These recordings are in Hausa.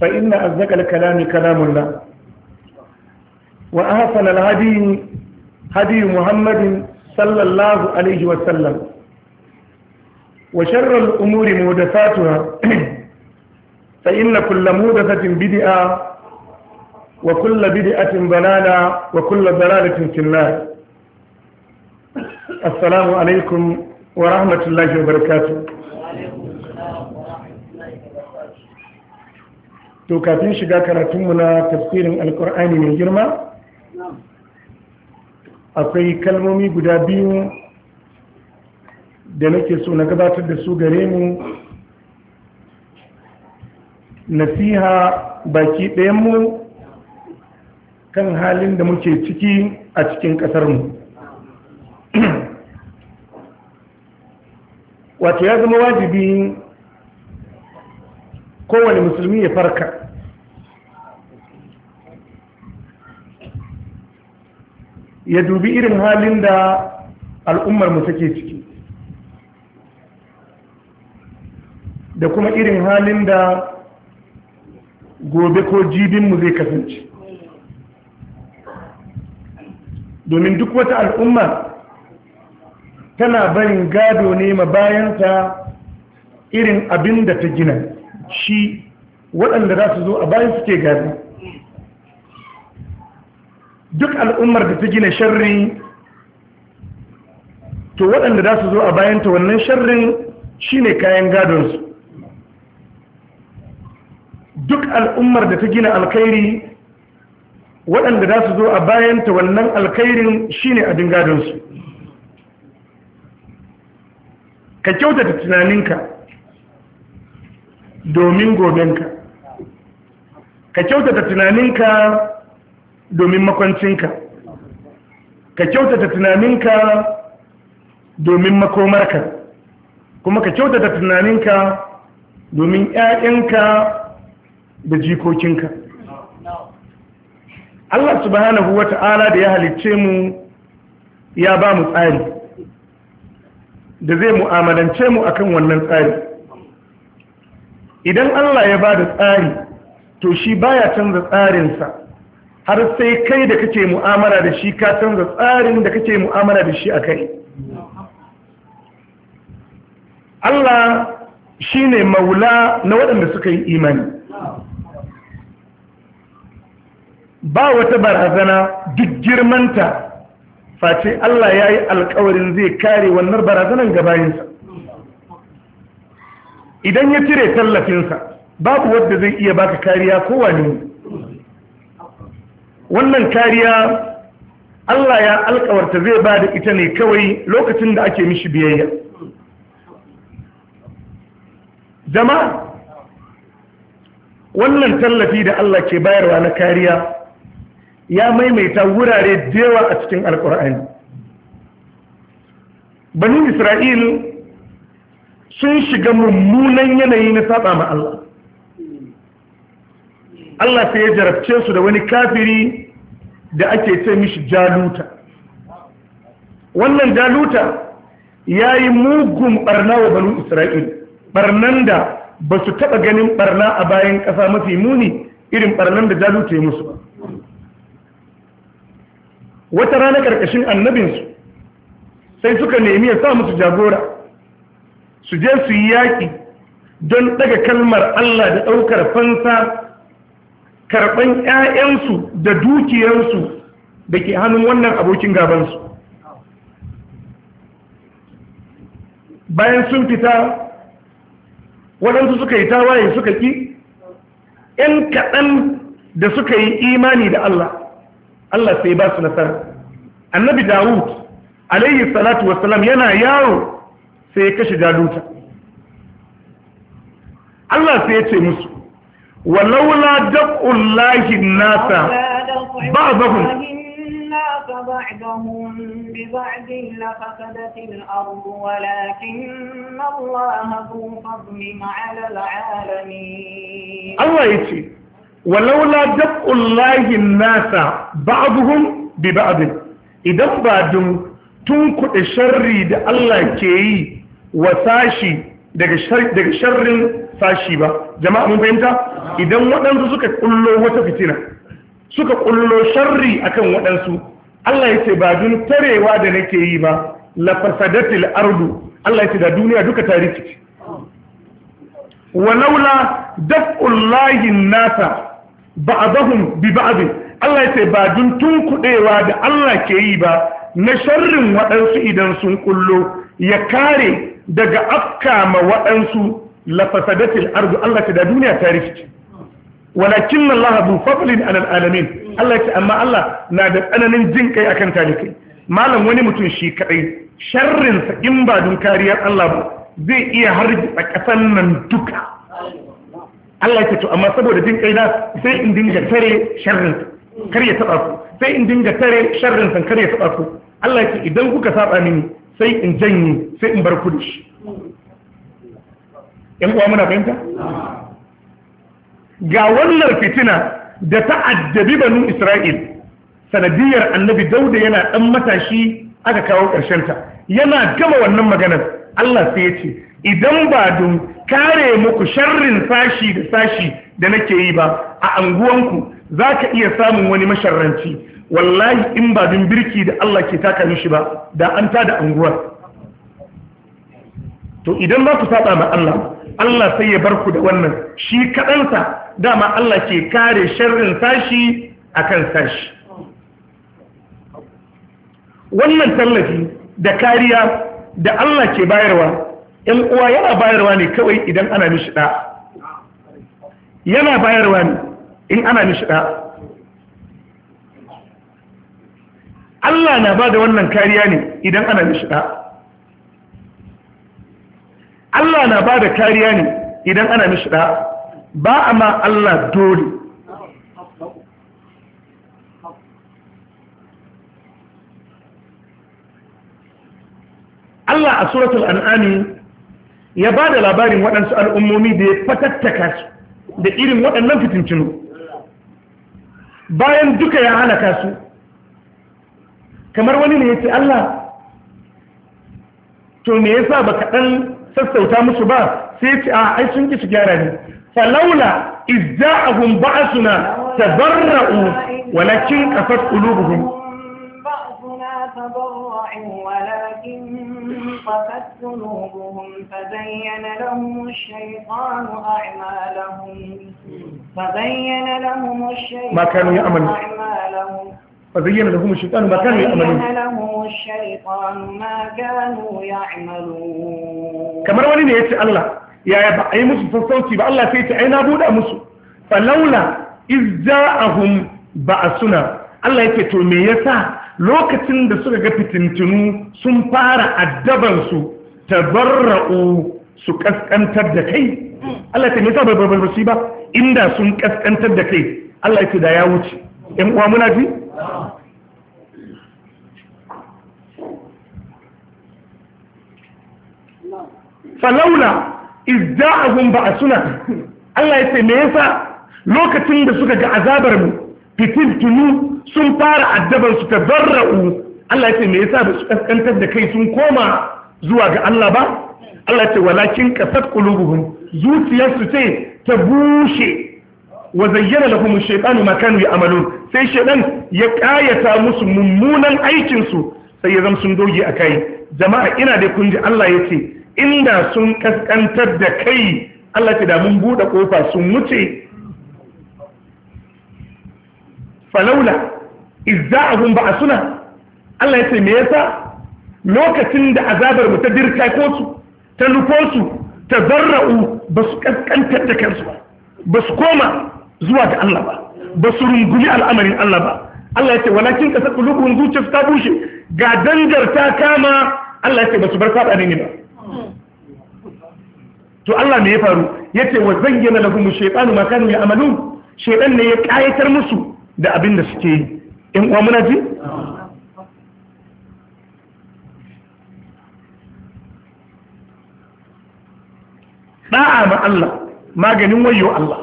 فإن أصدق الكلام كلام الله وأحسن الهدي هدي محمد صلى الله عليه وسلم وشر الأمور مهدفاتها فإن كل مهدفة بدئة وكل بدئة ضلالة وكل ضلالة في النار السلام عليكم ورحمة الله وبركاته to kafin shiga karatunmu na tafsirin alkur'ani mai girma akwai kalmomi guda biyu da nake so na gabatar da su gare mu nasiha baki ɗayanmu kan halin da muke ciki a cikin ƙasarmu wato ya zama wajibi kowane musulmi ya farka ya dubi irin halin da al'ummar mu take ciki da kuma irin halin da gobe ko jibinmu zai kasance domin duk wata al'umma tana barin gado ne ma bayan ta irin abin da ta gina shi waɗanda za su zo a bayan suke gado duk al'ummar da ta gina sharri to waɗanda za su zo a bayanta wannan sharrin shine kayan gadonsu duk al'ummar da ta gina alkhairi waɗanda za su zo a bayanta wannan alkhairin shine abin gadonsu ka kyautata tunaninka domin gobenka ka kyautata tunaninka domin makwancinka ka kyautata tunaninka domin makomarka kuma ka kyautata tunaninka domin 'ya'yanka da jikokinka Allah subhanahu wata'ala da ya halicce mu ya ba mu tsari da zai mu'amalance mu akan wannan tsari idan Allah ya ba da tsari to shi baya canza tsarinsa har sai kai da kake mu'amala da shi ka canza tsarin da kake mu'amala da shi a kai Allah shi ne maula na waɗanda suka yi imani ba wata barazana duk girmanta face Allah ya yi alkawarin zai kare wannan barazanan gabayinsa idan ya cire tallafinsa babu wadda zai iya baka kariya ko ne wannan kariya Allah ya alkawarta zai ba da ita ne kawai lokacin da ake mishi biyayya jama'a wannan tallafi da Allah ke bayarwa na kariya ya maimaita wurare dewa a cikin alkur'ani banin isra'il sun shiga mummunan yanayi na saba ma Allah Allah sai ya jarabce su da wani kafiri da ake ce mishi jaluta wannan jaluta ya yi mugun barna wa banu isra'il barnan da ba su taɓa ganin barna a bayan ƙasa mafi muni irin barnan da jaluta ya musu ba wata rana ƙarƙashin annabinsu sai suka nemi ya sa musu jagora su je su yi yaƙi don ɗaga kalmar Allah da ɗaukar fansa karɓan 'ya'yansu da dukiyarsu da ke hannun wannan abokin gabansu bayan sun fita waɗansu suka yi tawaye suka ƙi ‘yan kaɗan da suka yi imani da Allah Allah sai ba su nasara annabi dawud alayhi salatu wasalam yana yaro sai ya kashe jaluta Allah sai ya ce musu ولولا دفع الله الناس بعضهم بعضهم ببعض لفسدت الأرض ولكن الله ذو فضل على العالمين الله يتي ولولا دفع الله الناس بعضهم ببعض إذا بعدهم تنكت شري da Allah ke yi wa sashi daga sharrin sashi ba jama'a mun fahimta idan waɗansu suka kullo wata fitina suka kullo sharri akan waɗansu Allah ya ce ba dun tarewa da nake yi ba la fasadatil ardu Allah ya ce da duniya duka ta rikici wa laula daf'ullahi nasa ba'dahum bi ba'd Allah ya ce ba dun tunkudewa da Allah ke yi ba na sharrin waɗansu idan sun kullo ya kare daga afka ma waɗansu la fasadatil ardu Allah ta da duniya ta rikice walakin Allah bu fadlin anan alamin Allah ce amma Allah na da tsananin jin kai akan talikai malam wani mutum shi kadai sharrin sa in ba dun kariyar Allah ba zai iya harbi a kasan nan duka Allah ya ce amma saboda jin kai sai in dinga tare sharrin kar ya sai in dinga tare sharrin san kar ya taba Allah ya ce idan kuka saba mini sai in janye sai in bar ku yan uwa muna fahimta ga wannan fitina da ta addabi banu isra'il sanadiyar annabi dauda yana ɗan matashi aka kawo ƙarshen ta yana gama wannan maganar Allah sai ya ce idan ba don kare muku sharrin sashi da sashi da nake yi ba a anguwanku za ka iya samun wani masharranci wallahi in ba don birki da Allah ke taka mishi ba da an tada anguwar to idan ba ku saba ma Allah Allah sai ya bar ku da wannan shi kaɗansa dama Allah ke kare sharrin sashi kan sashi wannan tallafi da kariya da Allah ke bayarwa ‘yan uwa yana bayarwa ne kawai idan ana nishida. yana bayarwa ne in ana nishida. Allah na ba da wannan kariya ne idan ana nishida. Allah na ba da kariya ne idan ana mishi da ba a ma Allah dole Allah a suratul al'ani ya ba da labarin waɗansu al'ummomi da ya fatattaka su da irin waɗannan fitincinu bayan duka ya halaka su kamar wani ne ya ce Allah to me yasa ba kaɗan sassauta musu ba sai ce a ai sun ki su gyara ne falaula izza'ahum ba'suna tabarra'u walakin qasat qulubuhum tabarra'u walakin بأسنا تضرعوا ولكن قفت قلوبهم فزين لهم الشيطان أعمالهم فزين لهم الشيطان أعمالهم فزين لهم الشيطان ما كانوا يعملون kamar wani ne ya ce Allah yaya ba a yi musu sassauci ba Allah sai ce ai na buɗa musu falaula ba'a suna, Allah yake to me yasa lokacin da suka ga fitintinu sun fara addaban su tabarra'u su kaskantar da kai Allah ta me yasa ba ba ba inda sun kaskantar da kai Allah yake da ya wuce Yan uwa muna ji falaula izda'ahum suna. Allah ya ce me yasa lokacin da suka ga azabar mu fitil tunu sun fara addabar su ta barra'u Allah ya ce me yasa ba su kaskantar da kai sun koma zuwa ga Allah ba Allah ce walakin kasat qulubuhum zuciyarsu ce ta bushe wa zayyana lahum ash-shaytanu ma kanu ya'malun sai shaɗan ya kayata musu mummunan aikin su sai ya zama sun doge a kai jama'a ina da kun ji Allah ya ce inda sun kaskantar da kai Allah ce da mun bude kofa sun wuce falaula a ba'asuna Allah ya ce me yasa lokacin da azabar mu ta dirka ko su ta nufo su ta zarra'u ba su kaskantar da kansu ba ba su koma zuwa ga Allah ba ba su rungumi al'amarin Allah ba Allah ya ce walakin ka saka lukun su ta bushe ga dangar ta kama Allah ya ce ba su bar faɗa ne ba to Allah ne ya faru ya ce wa zayyana lahum shaytanu ma kanu amalu shaytan ne ya ƙayatar musu da abin da suke yi in uwa muna ji ma Allah maganin wayo Allah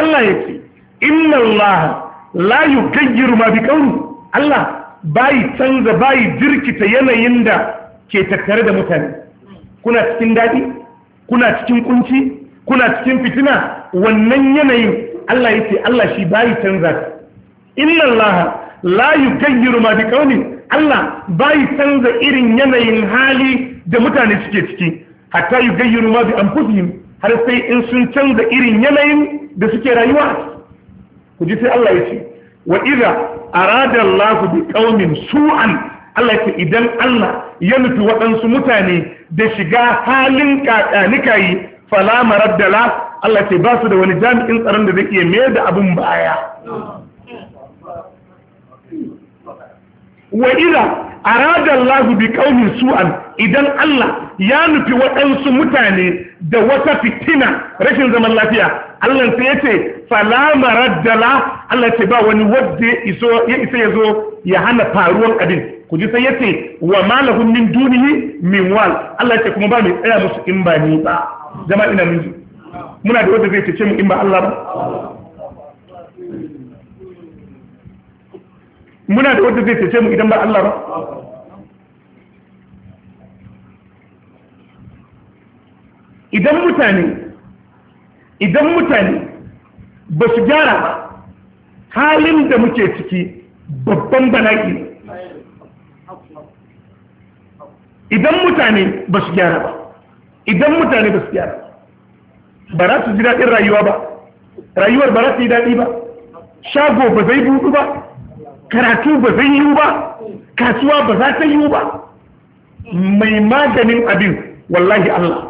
Allah ya ce inna Allah la yukayyiru ma bi qawli Allah bai canza bai jirkita yanayin da ke tattare da mutane kuna cikin dadi kuna cikin kunci kuna cikin fitina wannan yanayin Allah ya ce Allah shi bai canza ta inna Allah la yukayyiru ma bi qawli Allah bai canza irin yanayin hali da mutane suke ciki hatta yukayyiru ma bi anfusihim har sai in sun canza irin yanayin da suke rayuwa ku ji sai Allah ya ce wa idza arada Allah bi qaumin su'an Allah ya ce idan Allah ya nufi waɗansu mutane da shiga halin kakanikayi fala maraddala Allah ce ba su da wani jami'in tsaron da zai iya mayar da abin baya wa idza arada Allah bi qaumin su'an idan Allah ya nufi waɗansu mutane da wata fitina rashin zaman lafiya Allah sai ya ce fala raddala Allah ce ba wani wadda iso ya isa ya zo ya hana faruwan abin ku ji sai ya ce wa malahum min dunihi min wal Allah ce kuma ba mai tsaya musu in ba ni ba jama'a ina mun muna da wanda zai ce mu in ba Allah ba muna da wanda zai ce mu idan ba Allah ba idan mutane idan mutane ba su gyara ba halin da muke ciki babban bala'i idan mutane ba su gyara ba idan mutane ba su gyara ba za su ji daɗin rayuwa ba rayuwar ba za su yi daɗi ba shago ba zai buɗu ba karatu ba zai yiwu ba kasuwa ba za ta yiwu ba mai maganin abin wallahi Allah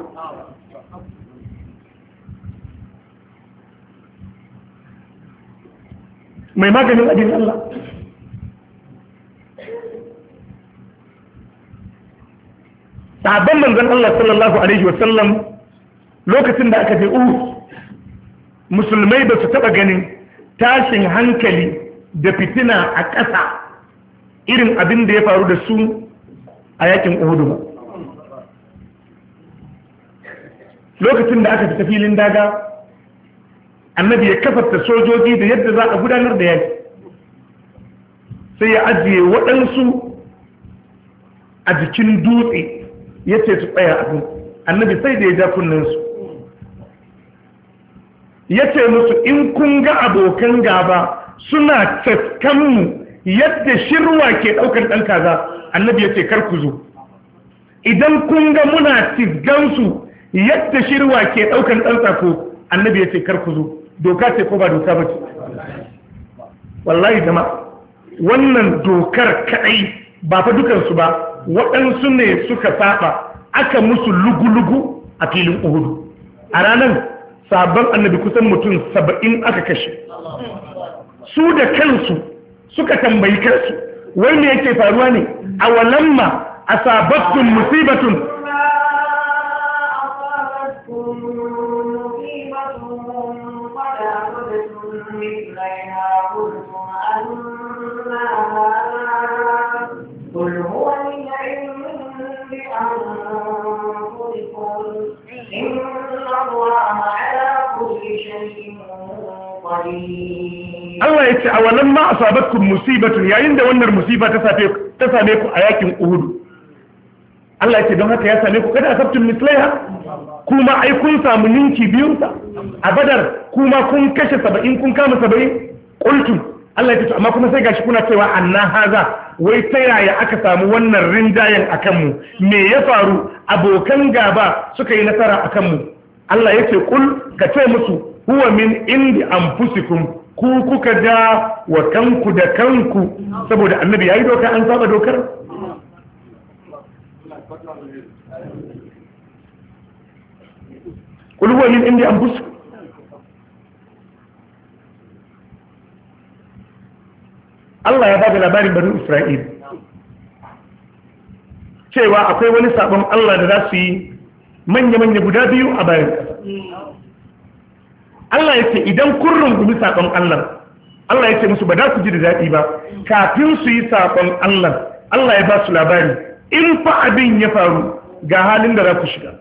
mai maganin abin Allah sahabban manzon Allah sallallahu alaihi wa sallam lokacin da aka je Uhud musulmai ba su taba ganin tashin hankali da fitina a ƙasa irin abin da ya faru da su a yakin Udu ba lokacin da aka fita filin daga annabi ya kafarta sojoji da yadda za a gudanar da yaki sai ya ajiye waɗansu a jikin dutse ya ce su tsaya abin annabi sai da ya ja kunninsu ya ce musu in kun ga abokan gaba suna taskanmu yadda shirwa ke ɗaukar ɗan kaza annabi ya ce kar zo idan kun ga muna tisgansu yadda shirwa ke ɗaukar ɗan tsako annabi ya ce kar zo doka ce ko ba doka ba ce wallahi jama'a wannan dokar kaɗai ba fa dukansu ba waɗansu ne suka saba aka musu lugu-lugu a filin uhudu a ranar sabon annabi kusan mutum saba'in aka kashe su da kansu suka tambayi kansu wani yake faruwa ne a walamma a sababbin musibatun Allah ya ce a wannan ma asabatkum musibatun yayin da wannan musiba ta same ku ta same ku a yakin Uhud Allah ya ce don haka ya same ku kada asabtum mislaiha kuma ai kun samu ninki biyun a Badar kuma kun kashe 70 kun kama 70 qultum Allah ya ce amma kuma sai gashi kuna cewa anna haza wai ta yaya aka samu wannan rinjayen akan mu me ya faru abokan gaba suka yi nasara akan mu Allah ya ce kul ka ce musu huwa min indi anfusikum ku kuka ja wa kanku da kanku saboda annabi ya yi doka an saba dokar kul huwa min indi anfusikum Allah ya bada labarin barin Isra'il cewa akwai wani sabon Allah da za su yi manya-manya guda biyu a bayan ƙasa Allah ya ce idan kun rungumi saƙon Allah Allah ya ce musu ba za ku ji da daɗi ba kafin su yi saƙon Allah Allah ya ba su labari in fa abin ya faru ga halin da za ku shiga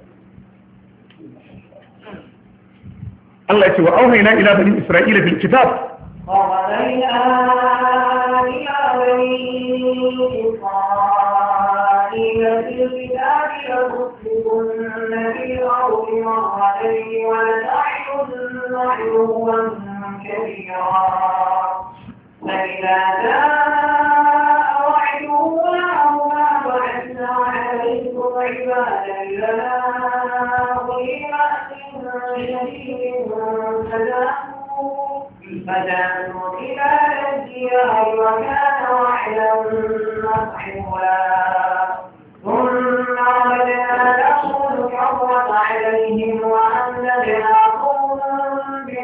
Allah ya ce wa na ila bani Isra'ila fil kitab علوا كبيرا فإذا جاء وعد أولاهما فدانوا خلال الديار وكان وعدا مفعولا ثم رددنا لهم الكرة عليهم وأمددناهم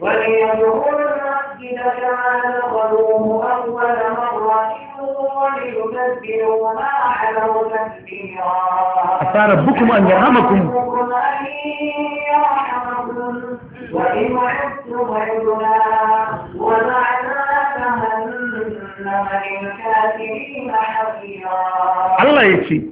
وليدخلوا المسجد كما دخلوه أول مرة وليتذكروا ما علوا تذكيرا ربكم أن يرحمكم وإن عدتم عدنا وجعلنا جهنم للكافرين حصيرا الله يتي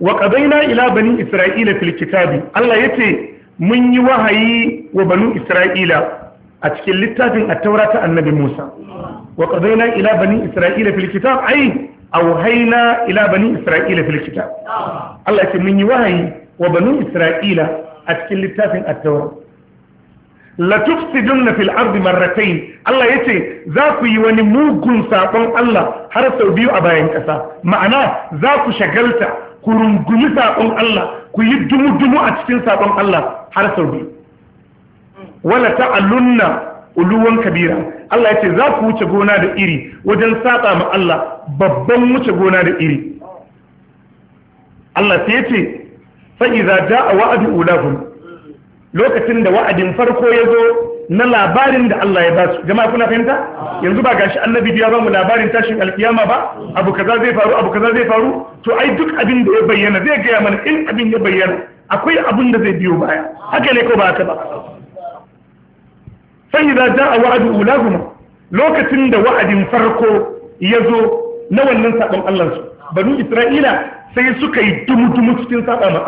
وقضينا إلى بني إسرائيل في الكتاب الله يتي mun yi wahayi wa Isra'ila a cikin littafin taura ta annabi Musa wa qadaina ila bani isra'ila fil kitab ay na ila bani isra'ila fil kitab Allah ce mun yi wahayi wa bani isra'ila a cikin littafin taura. la tufsiduna fil ardi marratayn Allah ce za ku yi wani mugun saƙon Allah har sau biyu a bayan ƙasa. ma'ana za ku shagalta ku rungumi saƙon Allah ku yi dumu dumu a cikin saƙon Allah har sau biyu wala ta'allunna uluwan kabira Allah ya ce za ku wuce gona da iri wajen saba ma Allah babban wuce gona da iri Allah sai ya ce fa idza jaa wa'du ulahum lokacin da wa'adin farko ya zo na labarin da Allah ya ba su jama'a kuna fahimta yanzu ba gashi annabi ya ba mu labarin tashin alkiyama ba abu kaza zai faru abu kaza zai faru to ai duk abin da ya bayyana zai gaya mana in abin ya bayyana akwai abin da zai biyo baya haka ne ko ba haka ba sai za a wa'adu ulahuma lokacin da wa'adin farko ya zo na wannan sabon Allah banu Isra'ila sai suka yi dumudumu cikin saba ma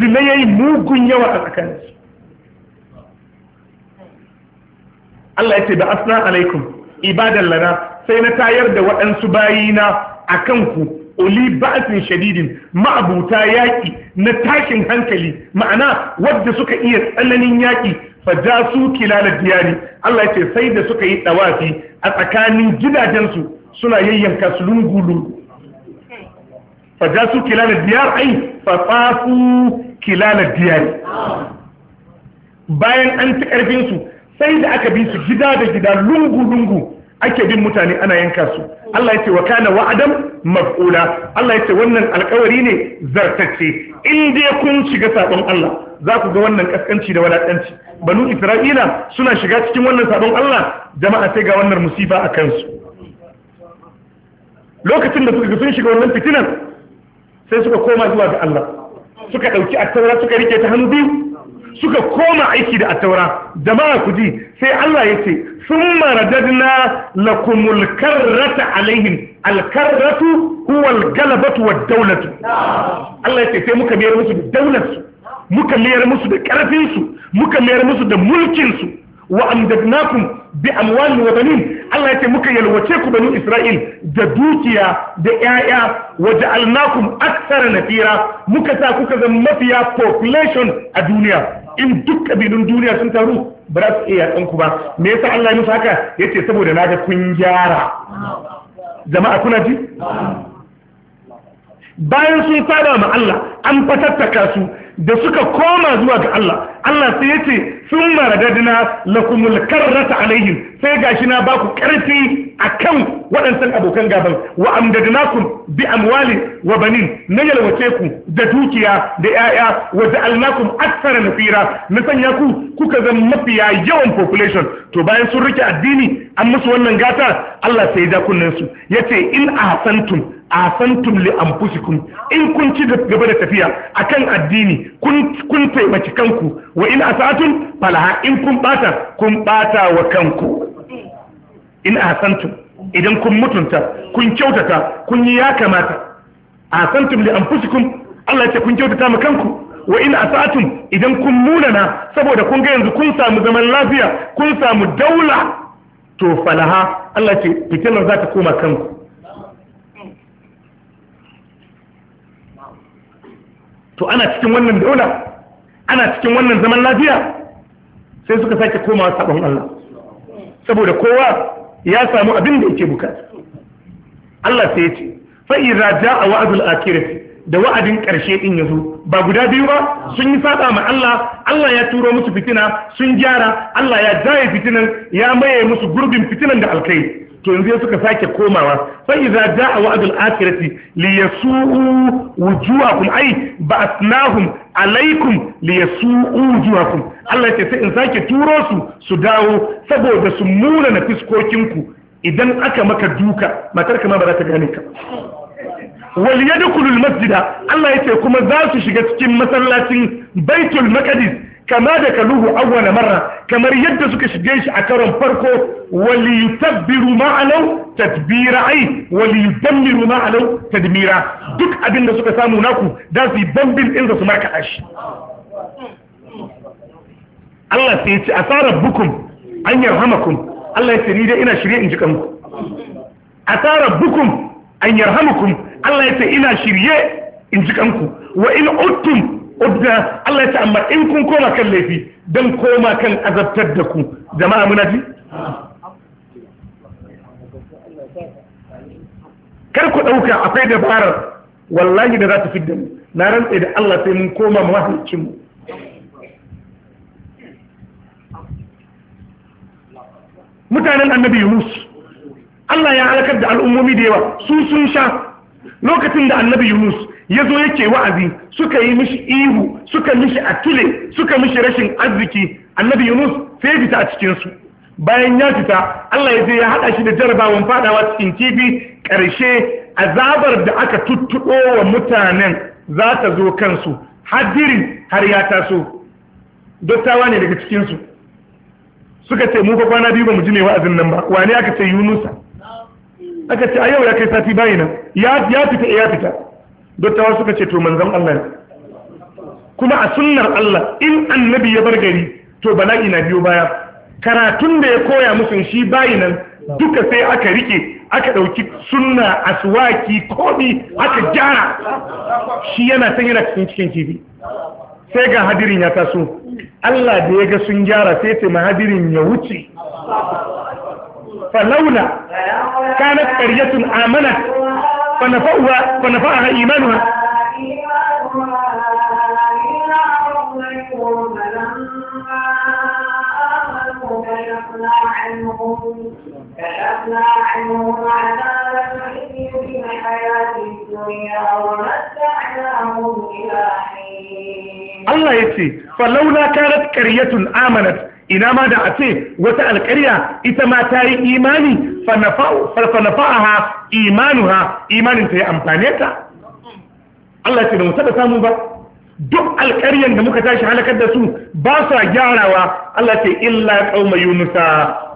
Zina ya yi mugun yawa a tsakanin Allah ya ce da asna alaikum ibadan lana sai na tayar da waɗansu bayina a ku oli ba'asin shadidin ma'abuta yaƙi na tashin hankali ma'ana wadda suka iya tsananin yaƙi fajasu kilal diyari Allah ce sai da suka yi dawafi a tsakanin gidajensu suna yayyanka su lungulu su kilal diyar ai fasafu kilala diyari bayan an ci karfin su sai da aka bi su gida da gida lungu lungu ake bin mutane ana yanka su Allah yace wa kana wa'adan maf'ula Allah yace wannan alƙawari ne zartacce in dai kun shiga sabon Allah za ku ga wannan kaskanci da walakanci banu Isra'ila suna shiga cikin wannan sabon Allah jama'a sai ga wannan musiba a kansu lokacin da suka sun shiga wannan fitinan sai suka koma zuwa ga Allah suka dauki attaura suka rike ta hannu biyu suka koma aiki da attaura jama'a ku ji sai Allah ya ce sun maradadna lakumul karrata alaihim alkarratu huwal galabatu wad daulatu Allah ya ce sai muka mayar musu da daularsu muka mayar musu da karfinsu muka mayar musu da mulkinsu wa amdadnakum bi amwalin wa banin Allah ya ce muka yalwace ku bani Isra'il da dukiya da ƴaƴa wa ja'alnakum aktsara nafira muka sa kuka zama mafiya population a duniya in duk kabilun duniya sun taru ba za su iya yakan ba me yasa Allah ya musu haka yace saboda naga kun gyara jama'a kuna ji bayan sun fara ma Allah an fatattaka su da suka koma zuwa ga Allah Allah sai yace sun maradadina lakumul karrata alaihim sai gashi na baku karfi akan waɗansan abokan gaban wa amdadnakum bi amwali wa banin na yalwace ku da dukiya da 'ya'ya wa ja'alnakum aktsara nafira na sanya ku kuka zan mafiya yawan population to bayan sun rike addini an musu wannan gata Allah sai ya ja kunnen su yace in ahsantum A san Tumli li kun, in kun ci gaba da tafiya akan addini kun taimaki kanku wa in asatum falaha in kun bata kun bata wa kanku in a asantum idan kun mutunta kun kyautata kun yi ya kamata a san Tumli li kun, Allah ce kun kyautata ma kanku wa in asatum idan kun munana saboda kun ga yanzu kun samu zaman lafiya kun samu daula to falaha Allah ce fitilar za ta koma kanku to ana cikin wannan daula ana cikin wannan zaman lafiya sai suka sake komawa sabon Allah saboda kowa ya samu abin da yake bukata Allah sai ya ce fa idza jaa wa'dul akhirati da wa'adin ƙarshe ɗin ya ba guda biyu ba sun yi saɓa ma Allah Allah ya turo musu fitina sun gyara Allah ya jaye fitinan ya maye musu gurbin fitinan da alkai to yanzu suka sake komawa fa idza jaa wa'dul akhirati liyasu'u wujuhakum ay ba'athnahum alaikum liyasu'u wujuhakum Allah ya ce sai in sake turo su su dawo saboda su muna na fiskokinku idan aka maka duka matar kama ba za ta gane ka wal yadkhulul masjida Allah ya ce kuma za su shiga cikin masallacin baitul maqdis kama da kaluhu awwala marra kamar yadda suka shige shi a karon farko wali yutabbiru ma'alau tadbira ai wali yudammiru ma'alau tadmira duk abin da suka samu naku da su bambin din su marka shi Allah sai ya ce asarar bukum an yarhamakum Allah ya ce ni dai ina shirye in ji kanku asarar bukum an yarhamakum Allah ya ce ina shirye in ji kanku wa in uttum ubda Allah ya ce amma in kun koma kan laifi dan koma kan azabtar da ku jama'a muna ji kar ku ɗauka akwai dabarar wallahi da za ta fidda mu na rantsa da Allah sai mun koma mahalicin mu mutanen annabi Yunus Allah ya halakar da al'ummomi da yawa su sun sha lokacin da annabi Yunus ya zo yake wa'azi suka yi mishi ihu suka mishi tule, suka mishi rashin arziki annabi yunus sai fita a cikinsu bayan ya fita allah ya je ya haɗa shi da jarabawan fadawa cikin kifi ƙarshe azabar da aka tuttuɗo wa mutanen za ta zo kansu hadiri har ya taso dottawa ne daga cikinsu suka ce mu kwana biyu ba mu ji mai wa'azin nan ba ne aka ce yunusa aka ce a yau ya kai sati bayi nan ya fita ya fita dottawa suka ce to manzon Allah ne kuma a sunnar Allah in annabi ya bar gari to bala'i na biyo baya karatun da ya koya musu shi bayi nan duka sai aka rike aka dauki sunna aswaki komi aka gyara shi yana san yana cikin cikin kifi sai ga hadirin ya taso Allah da ya ga sun gyara sai ce hadirin ya wuce falaula kanat qaryatun amanat فنفعها, فنفعها إيمانها كشفنا عنهم عذاب الخزي في الحياة الدنيا إلى حين الله يكفي فلولا كانت قرية آمنت ina ma da a ce wata alƙarya ita ma ta yi imani fa imanuha imanin ta ya amfane ta Allah ce da mu sada samu ba duk alƙaryan da muka tashi halakar da su ba sa gyarawa Allah ce illa qauma yunusa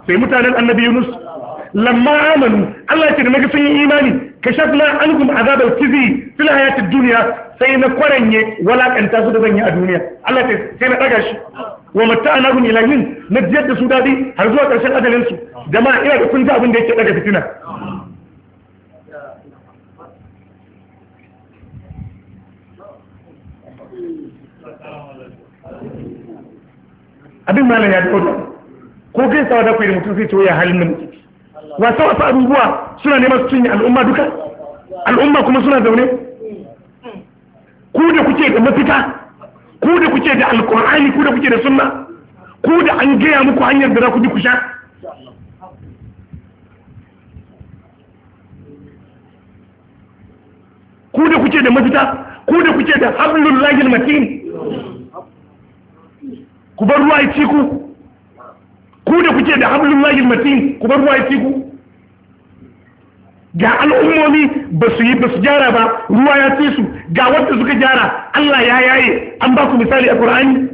sai mutanen annabi yunus lamma amanu Allah ce da muka sun yi imani kashafna ankum azabal kizi fil hayatid dunya sai na kwaranye walakanta su da zan yi a duniya Allah sai na daga shi wa mata'anahum ila ilahin na jiyar da su dadi har zuwa ƙarshen ajalin su jama'a ina da kun ji abin da yake daga fitina abin malam ya dauka ko kai sawa da ku da mutum sai ce ya halin da muke wasu wasu abubuwa suna neman su cinye al'umma duka al'umma kuma suna zaune ku da kuke da mafita ku da kuke da alkur'ani ku da kuke da sunna ku da an gaya muku hanyar da za ku ji ku sha ku da kuke da mafita ku da kuke da hablullahi matin ku bar ruwa ya ci ku ku da kuke da hablun lahil matin ku bar ruwa ya ci ku ga al'ummomi ba su yi ba su gyara ba ruwa ya ci su ga wanda suka gyara Allah ya yaye an ba ku misali a Qur'ani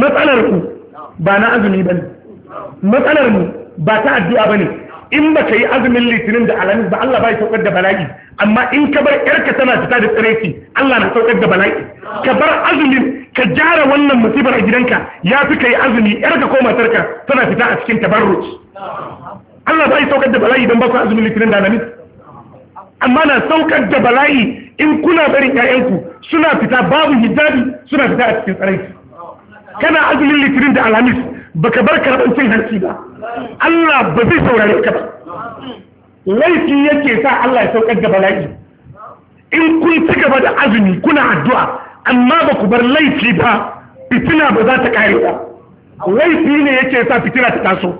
matsalar ku ba na azumi bane matsalar mu ba ta addu'a bane in ba ka yi azumin litinin da alamis ba Allah ba ya saukar da bala'i amma in ka bar yarka tana fita da tsiraici Allah na saukar da bala'i ka bar azumin ka gyara wannan musibar a gidanka ya fi ka yi azumi yarka ko matarka tana fita a cikin tabarruc Allah ba ya saukar da bala'i don ba ku azumin litinin da alamis amma na saukar da bala'i in kuna barin 'ya'yanku suna fita babu hijabi suna fita a cikin tsiraici kana azumin litinin da alamis baka bar karɓar cin hanci ba Allah ba zai saurare ka ba laifi yake sa Allah ya saukar da bala'i in kun ci gaba da azumi kuna addu'a amma ba ku bar laifi ba fitina ba za ta kare ba laifi ne yake sa fitina ta taso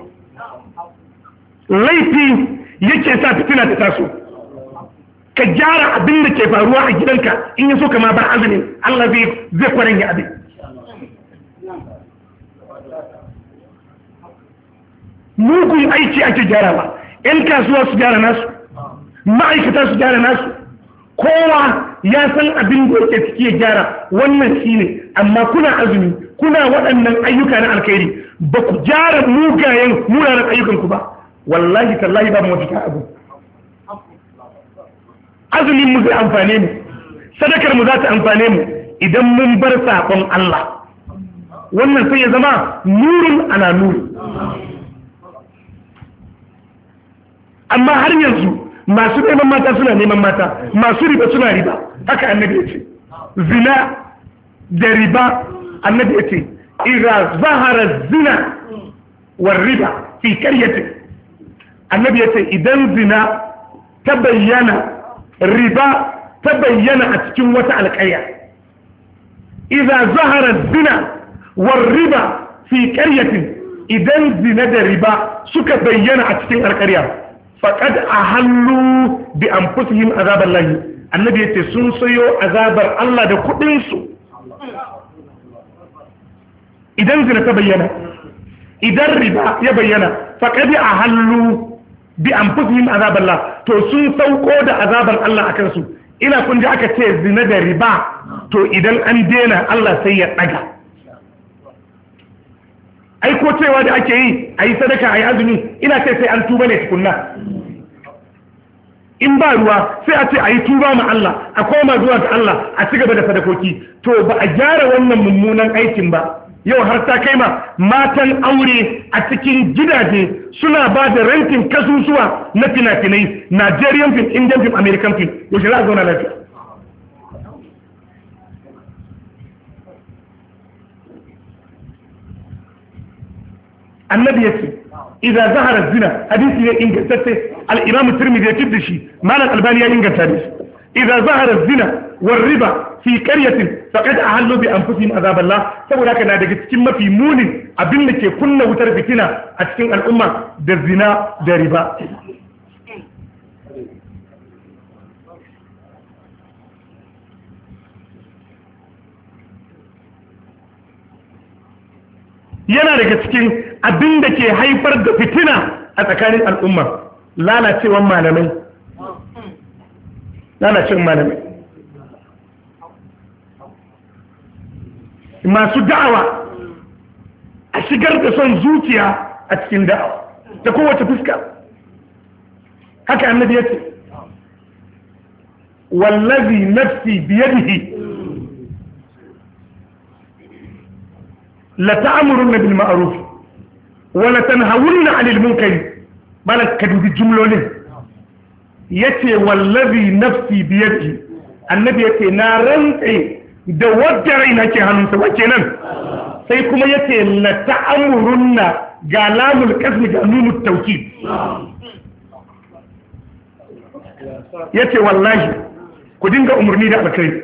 laifi yake sa fitina ta taso ka gyara abin da ke faruwa a gidanka in yaso ka ma bar azumin Allah zai zai kwaranya abin mugun aiki ake gyara ba, yan kasuwa su gyara nasu ma'aikata su gyara nasu kowa ya san abin da yake ciki ya gyara wannan shi ne amma kuna azumi kuna waɗannan ayyuka na alkhairi ba ku gyara mugayen munanan ayyukanku ba wallahi tallahi wata ta abu azumin mu zai amfane mu sadakar mu za ta amfane mu idan mun bar saƙon Allah wannan sai ya zama nurun ana nuri amma har yanzu masu neman mata suna neman mata masu riba suna riba haka annabi ya ce zina da riba annabi ya ce ira zahara zina wa riba fi karyata annabi ya ce idan zina ta bayyana riba ta bayyana a cikin wata alƙarya iza zahara zina wa riba fi karyatin idan zina da riba suka bayyana a cikin alƙarya a ahallu bi an yin azabar layi, annabi yace sun sayo azabar Allah da kuɗinsu. idan zina ta bayyana idan riba ya bayyana a ahallu bi an yin azabar azaballah to sun sauko da azabar Allah a kansu, ina kun ji aka ce zina da riba to idan an dena Allah sai ya ɗaga. ai ko cewa da ake yi a yi sadaka a yi azumi ina ce sai an tuba ne tukunna in ba ruwa sai a ce a yi tuba ma Allah a koma zuwa ga Allah a ci gaba da sadakoki to ba a gyara wannan mummunan aikin ba yau har ta kai ma matan aure a cikin gidaje suna ba da rankin kasusuwa na fina-finai Nigerian film Indian film American film yau za a zauna lafiya annabi yake idan zahara zina hadisi ne ingantacce al-imam tirmidhi ya kidda shi malam albani ya inganta ne shi idan zahara zina war riba fi qaryatin faqad ahallu bi anfusihim azab Allah saboda haka na daga cikin mafi munin abin da ke kunna wutar fitina a cikin al'umma da zina da riba yana daga cikin abin da ke haifar da fitina a tsakanin al'umma lalacewan malamai lalacewan malamai masu da'awa a shigar da son zuciya a cikin da'awa da kowace fuska haka annabi ya ce wallazi nafsi biyadihi la ta'murunna bil ma'ruf wa la tanhawunna 'anil munkar balak ka dubi jumlolin yace wallazi nafsi annabi na rantse da wadda ina ke hannunsa wace nan sai kuma yace la ta'murunna ga lamul qasmi ga nunut Ya ce wallahi ku dinga umarni da alkai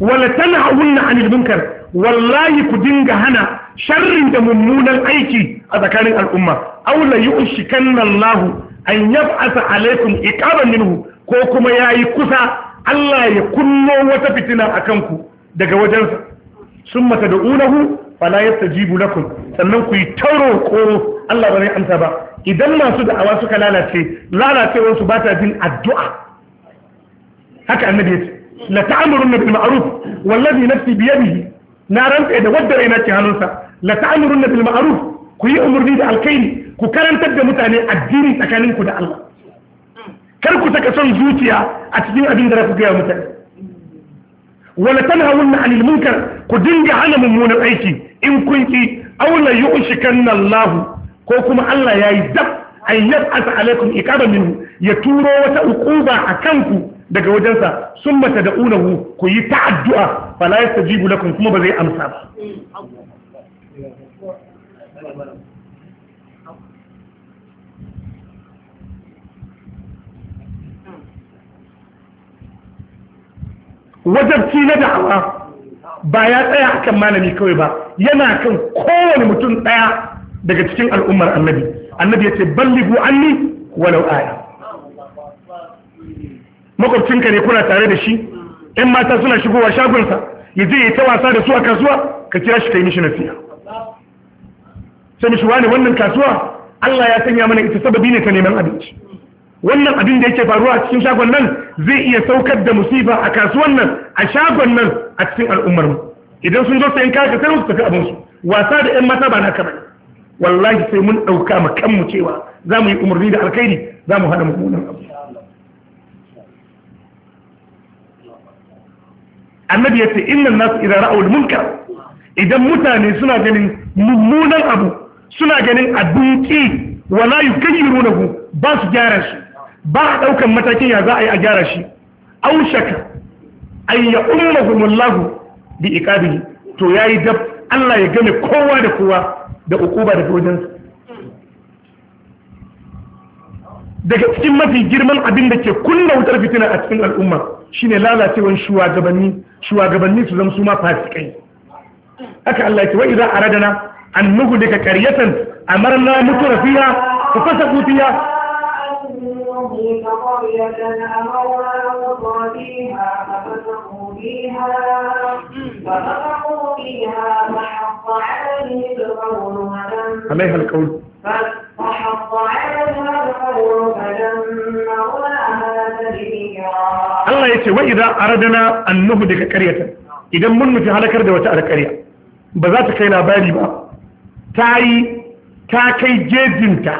wala tanhawunna 'anil munkar wallahi ku dinga hana sharrin da mummunan aiki a tsakanin al'umma aula yu'shikanna Allah an yab'asa alaikum iqaban minhu ko kuma yayi kusa Allah ya kunno wata fitina a kanku daga wajensa summa tad'unahu fala yastajibu lakum sannan ku yi tauro ko Allah ba zai amsa ba idan masu da'awa suka lalace lalacewar su ba ta jin addu'a haka annabi ya ce la ta'muruna bil ma'ruf wallazi nafsi bi yadihi na rantsa da wadda raina ke hannunsa la ta'muruna bil ma'ruf ku yi umurni da alkhairi ku karantar da mutane addini tsakanin ku da Allah kar ku saka son zuciya a cikin abin da za ku gaya mutane wala tanhawunna anil munkar ku dinga hana mummunan aiki in kun ki aula yu'shikanna Allah ko kuma Allah yayi dab an yab'ata alaikum iqaba minhu ya turo wata uquba akan ku daga wajensa sun mata da unahu ku yi ta'addu'a ba la yasta jibu kuma ba zai amsa ba wajabci na da'awa ba ya tsaya kan malami kawai ba yana kan kowane mutum ɗaya daga cikin al'ummar annabi annabi ya ce ballighu anni walau aya makwabcinka ne kuna tare da shi ‘yan mata suna shigowa shagonsa ya je ya ta wasa da su a kasuwa ka kira shi ka yi mishi siya. sai mishi wani wannan kasuwa Allah ya sanya mana ita sababi ne ta neman abinci wannan abin da yake faruwa a cikin shagon nan zai iya saukar da musiba a kasuwan nan a shagon nan a cikin al'ummar mu idan sun zo sayan kaya sai su tafi abin su wasa da ‘yan mata ba na kamar wallahi sai mun ɗauka mu kanmu cewa za mu yi umarni da alkhairi za mu haɗa mummunan abu annabi yace innan nasu idza ra'aw al-munkar idan mutane suna ganin mummunan abu suna ganin abin ki wala yukayyirunahu ba su gyara shi ba a daukan matakin ya za a yi a gyara shi aw shaka ay Allah bi iqabihi to yayi dab Allah ya gane kowa da kowa da ukuba da wajensa daga cikin mafi girman abin da ke kunna wutar fitina a cikin al'umma shine lalacewar shugabanni shugabanni su zama su ma fasikai haka Allah ya ce wa idza aradana an daga qaryatan amarna mutura fiha fa fasaqu fiha عليها القول Allah ya ce wa idan aradana annuhu daga karyata idan mun nufi halakar da wata alƙarya ba za ta kai labari ba ta yi ta kai jejinta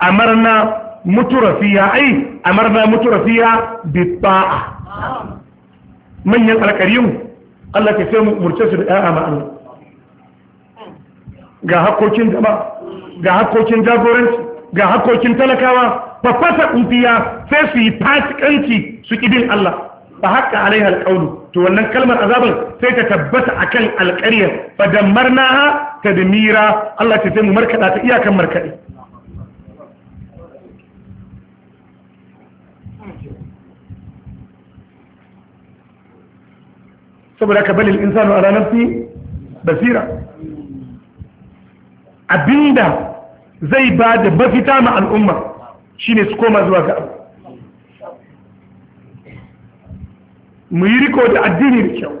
a marna rafiya ai a marna rafiya bi ba'a manyan alƙaryun Allah ke sai mu murce su da ƴaƴa ma'ana ga hakokin jama'a ga hakokin jagoranci ga hakokin talakawa ba fasa kufiya sai su yi fasikanci su ƙidin Allah Ba haqqa alaiha alqawlu to wannan kalmar azabar sai ta tabbata akan alqarya fa dammarnaha tadmira Allah ta sai mu markaɗa ta iyakan markaɗe. saboda ka balil insanu ala nafsi basira abinda zai ba da mafita ma al'umma shine su koma zuwa ga abu mu yi riko da addini da kyau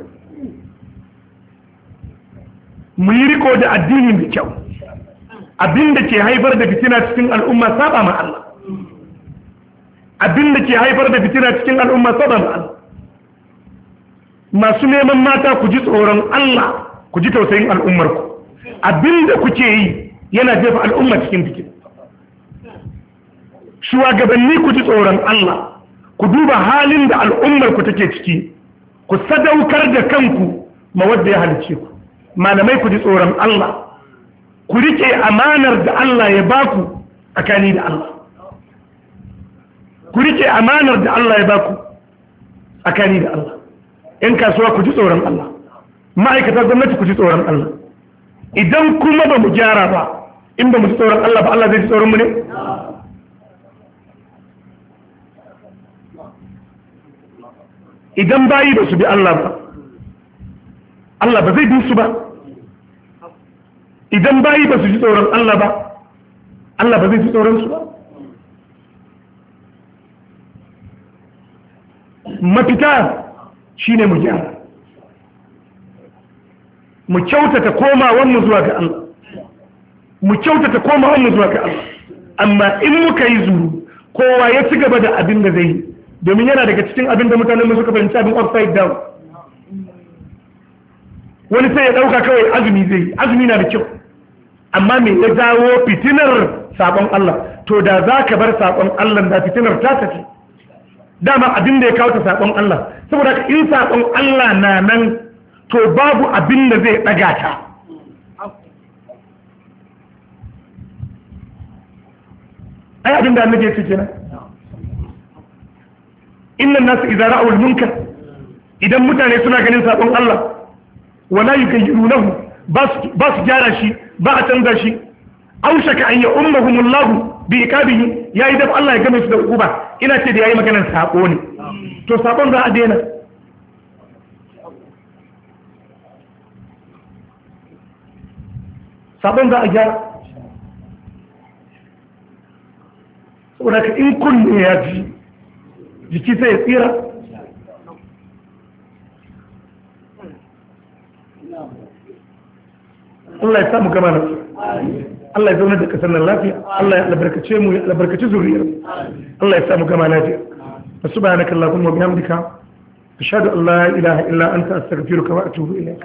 mu yi riko da addini da kyau abinda ke haifar da fitina cikin al'umma saba ma Allah abinda ke haifar da fitina cikin al'umma saba ma Allah masu neman mata ku ji tsoron Allah ku ji tausayin al'ummarku abinda kuke yi yana jefa al'umma cikin fikin shugabanni ku ji tsoron Allah ku duba halin da al'ummar ku take ciki ku sadaukar da kanku ma wadda ya halice ku malamai ku ji tsoron Allah ku rike amanar da Allah ya baku tsakani da Allah ku rike amanar da Allah ya baku tsakani da Allah in kasuwa ku ji tsoron Allah ma'aikatar gwamnati ku ji tsoron Allah idan kuma ba mu gyara ba in ba mu tsoron Allah ba Allah zai tsoron mu ne idan bayi ba su bi Allah ba Allah ba zai bi su ba idan bayi ba su ji tsoron Allah ba Allah ba zai ji tsoron su ba mafita shine mu gyara mu kyautata komawan mu zuwa ga Allah mu kyautata komawan mu zuwa ga Allah amma in muka yi zuru kowa ya ci gaba da abin da zai yi domin yana daga cikin abin da mutanen mu suka fahimci abin upside down wani sai ya dauka kawai azumi zai yi azumi na da kyau amma me ya dawo fitinar sabon Allah to da za ka bar sabon Allah da fitinar ta tafi dama abin da ya kawo ta sabon Allah saboda in sabon Allah na nan to babu abin da zai ɗaga ta ai abin da annabi ya ce kenan innan nasu idza ra'awul munkar idan mutane suna ganin sabon Allah wala yukayyirunahu ba su gyara shi ba a canza shi aushaka an yi ya ummahumullahu bi Ya yi dafa Allah ya game su da uba ina ce da ya yi maganar sako ne to saɓon za a daina sabon za a gyara saboda ka in kunne ya ji jiki sai ya tsira Allah ya samu gama na Allah ya zaune da kasar nan lafiya Allah ya albarkace mu ya albarkace zuriyar Allah ya samu gama lafiya subhanaka allahumma bihamdika ashhadu an la ilaha illa anta astaghfiruka wa atubu ilayk